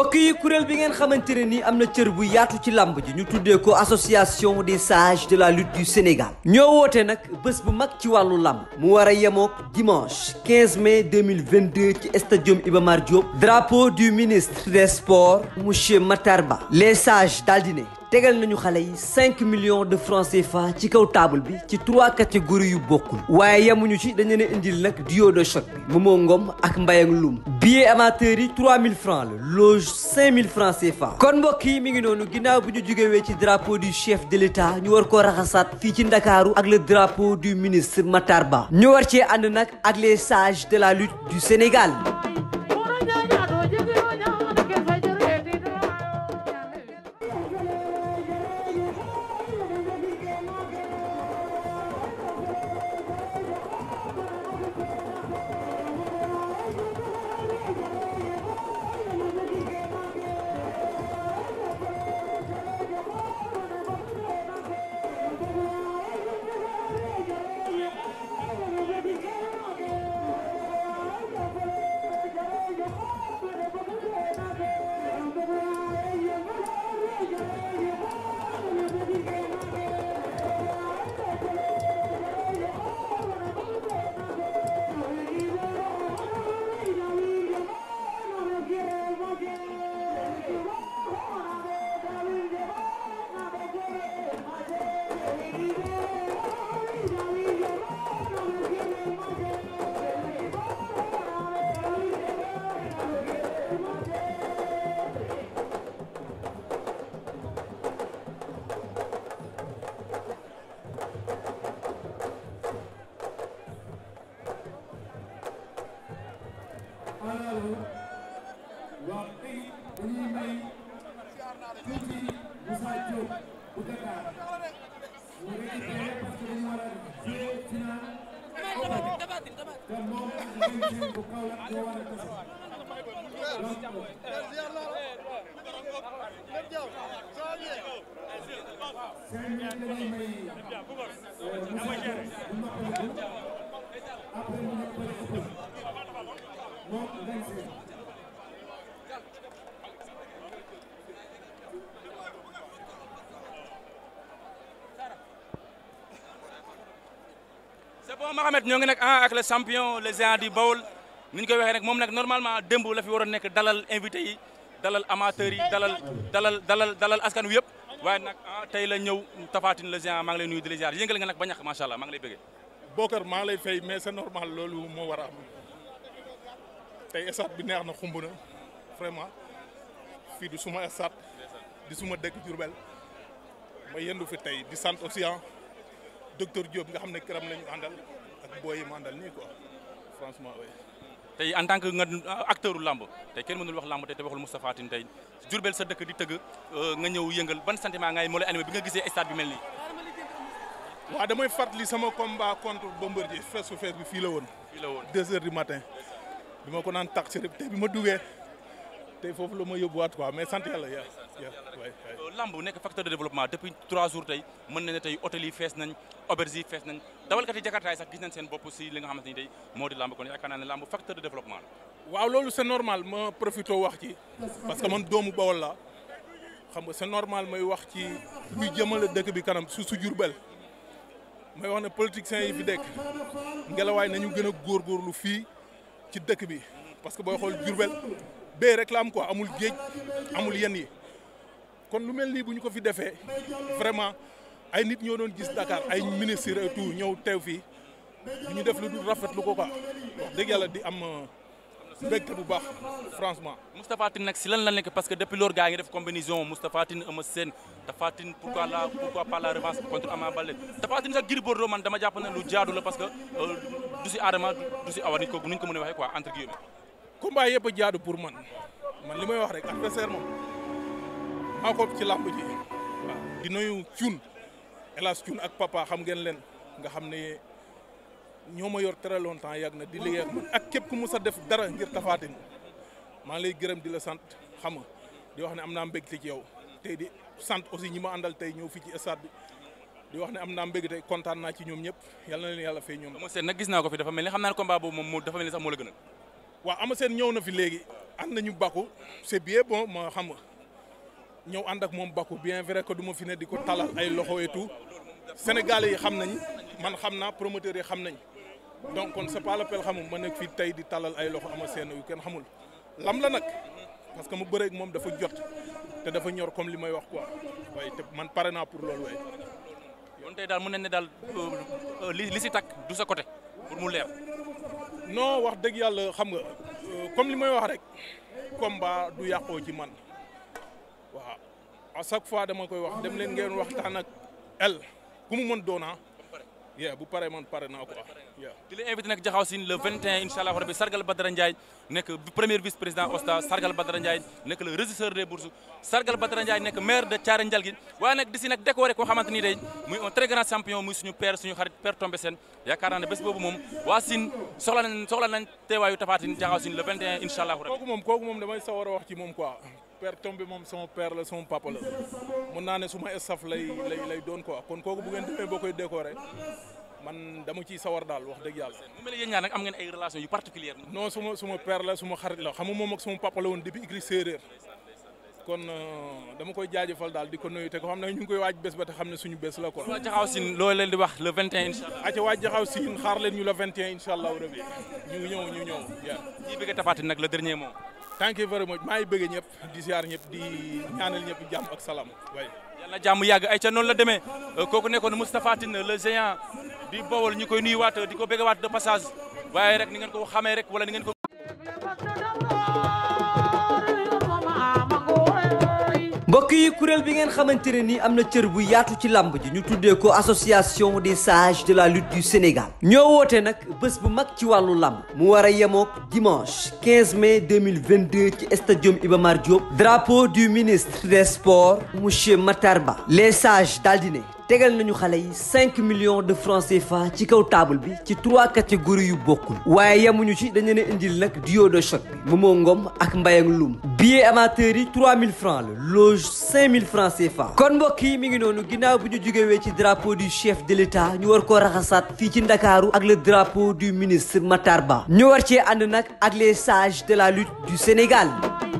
mbokk yi kuréel bi ngeen xamante ne nii am na cër bu yaatu ci làmb ji ñu tuddee ko association des sages de la lutte du Sénégal ñoo woote nag bés bu mag ci wàllu làmb mu war a yemook dimanche 15 mai 2022 ci stadium Iba Mar Diop drapeau du ministre des sports monsieur Matar Ba les sages daal ne tegal nañu xale yi 5 millions de francs CFA ci kaw table bi ci trois catégories yu bokkul waaye yemuñu ci dañu leen indil nag dio de choc bi Momo Ngom ak Mbayang lum billet amateur yi 3000 francs la loge 5000 francs CFA kon mbokk yi mi ngi noonu ginnaaw bi ñu jógewee ci drapeau du chef de l'État ñu war koo raxasaat fii ci Ndakaaru ak le drapeau du ministre Matar Ba ñu war cee ànd nag ak les sages de la lutte du Sénégal bu récupéré parce que dañu war a jouer final te moom jigéen bu Kaolack moo war a tase donc seen ñaari dañuy may Moussa Diop bu noppaliku après mu noppaliku moom Ngagne Sène bon Mohamed ñoo ngi nag ah ak le champion le géant du Baol ni ñu koy waxee nag moom nag normalement démb la fi a nekk dalal invité yi dalal amateurs yi dalal dalal dalal dalal askan wi yëpp waaye nag ah tey la ñëw Tafatine le géant maa ngi leen nuyu di la ziar yëngal nga nag ba ñàkk macha allah maa ngi lay bëggee. Bokar maa lay fay mais c'est normal loolu moo war a am tey stade bi neex na xumb na vraiment fii du suma stade di suma dëkk Diourbel ma yendu fi tey di sant océan docteur Diop nga xam ne këram lañu àndal ak booy yi mu àndal nii quoi franchement tey en tant que nga euh, acteur u làmb tey kenn mënul wax làmb tey te waxul Moustapha Tine tey Jurbel sa dëkk di tëgg euh, nga ñëw yëngal ban sentiment ngay moo lay animé bi nga gisee stade bi mel nii. waaw damay fàttali sama combat contre Bombardier face to face bi fii la woon. fii la woon deux heures du matin bi ma ko naan tax si rek tey bi ma duggee. te foofu la ma yóbbuwaat quoi mais sant yàlla ya euh, nekk facteur de développement depuis trois jours tey mën nañ tey hôtel fees nañ auberge fees nañ dawalkat yi jakartaay sax gis nañ seen bopp si li nga xamante ne lamb normal ma profité wax ci parce que man doomu Bawol la wax ci luy dëkk bi kanam su su Jurbel may wax ne politiciens yi fi dekk ngelawaay nañu gën a góorgóorlu fii ci dëkk bi parce que booy xool Jurbel bee rek la am amul géej amul yenn yi kon lu mel nii bu ñu ko fi defee vraiment ay nit ñoo doon gis Dakar ay ministre et tout ñëw teew fii ñu def lu dul rafetlu ko quoi wax dëgg yàlla di am euh, mbégte bu baax franchement. Moustapha Tine nag si lan la nekk parce que depuis loolu gars yi def combinaison Moustapha Tine Eumeu Sène Tapha Tine pourquoi la pourquoi pas la revanche contre Ama Baldé Tapha Tine sax Gris Bordeaux man dama jàpp ne lu jaadu la parce que euh, du si aadama du si awa nit ko nuñ ko mën a waxee quoi entre guillemets. combat yëpp a jaadu pour man man li may wax rek adversaire moom maa ko ci làmb ji waaw di nuyu ak papa xam ngeen leen nga xam ne ñoo ma yor très longtemps yàgg na di liggéey ak man ak képp ku a def dara ngir Tapha Tine maa ngi lay gërëm di la sant xam nga di wax ne am naa mbégte ci yow tey di sant aussi ñi ci stade bi di wax ne am naa mbégte tey kontaan naa ci boobu moom dafa mel sax moo la waaw ama seen ñëw na fi léegi ànd nañu bakku c'est bien bon ma xam nga ñëw ànd ak moom bakku bien vrai que du ma fi ne di ko talal ay loxo et tout sénégalais yi xam nañ man xam naa promoteurs yi xam nañ donc kon c'est pas la peine xamum ma nekk fii tey di talal ay loxo ama seen yu kenn xamul lam la nag parce que mu bëreeg moom dafa jot te dafa ñor comme li may wax ko waaye te man pare naa pour loolu waaye. kon tey daal mu ne ne daal euh, li si takk du sa côté pour mu leer. non wax dëgg yàlla xam nga euh, comme li may wax rek comme ba du yàqoo ci man waaw a chaque fois dama koy wax dem leen ngeen waxtaan ak el ku mu mën doona ah. yeah bu paree man pare naa ko ah. di la invité Jaxaw Sine le 21 incha allah rabbi Sargal Badara Ndiaye nekk premier vice président OSTA Sargal Badara Ndiaye nekk le régisseur des bourses Sargal Badara Ndiaye nekk maire de Thiaré Ndialgui waaye nag di si nag décoré day muy un grand champion muy suñu père suñu xarit père Tombé Sène yaakaar naa ne bés boobu moom waa soxla nañ teewaayu Tapha Jaxaw Sine le 21 incha allah rabbi a père Tombé moom sama père la sama papa la mun naa suma staff lay lay lay doon quoi kon kooku bu demee boo koy décorer man dama ciy sawar daal wax dëgg yàlla. mu mel ni yéen ñaar nag am ngeen ay relation yu particulière. non suma suma père la suma xarit la xam nga moom ak suma papa la woon depuis Igri séeréer kon euh, dama koy jaajëfal daal di ko nuyu te xam ne ñu koy waaj bés ba te xam ne suñu bés la quoi. waa Jaxaw Siin loolu di wax le 21 incha allah. ayca waa Jaxaw Siin xaar ñu le 21 incha allah ñu ñëw ñu ñëw. a thank you very much maa ngi bëgg ñëpp di ziar ñëpp di ñaanal ñëpp jàmm ak salaam way yàlla jàmm ay ca noonu la demee euh, kooku nekkoon Moustapha Tine le géant di Bawol ñu koy nuyuwaat di ko bëgg waat de passage waaye rek ni ngeen ko xamee rek wala ni ngeen ko mbokk yi kuréel bi ngeen xamante ne nii am na cër bu yaatu ci làmb ji ñu tuddee ko association des sages de la lutte du Sénégal ñoo woote nag bés bu mag ci wàllu làmb mu war a yemook dimanche 15 mai 2022 ci stadium Iba Mar Diop drapeau du ministre des sports monsieur Matar Ba les sages daal di ne tegal nañu xale yi 5 millions de francais CFA ci kaw table bi ci trois catégories yu bokk waaye yemuñu ci dañu ne indil nag dio de choc bi Momo Ngom ak Mbayang Loum billet amateur yi 3000 francs la loge 5000 francs CFA kon mbokk yi mi ngi noonu ginnaaw bu ñu jógewee ci drapeau du chef de l'État ñu war ko raxasaat fii ci Ndakaaru ak le drapeau du ministre Matar Ba ñu war cee ànd nag ak les sages de la lutte du Sénégal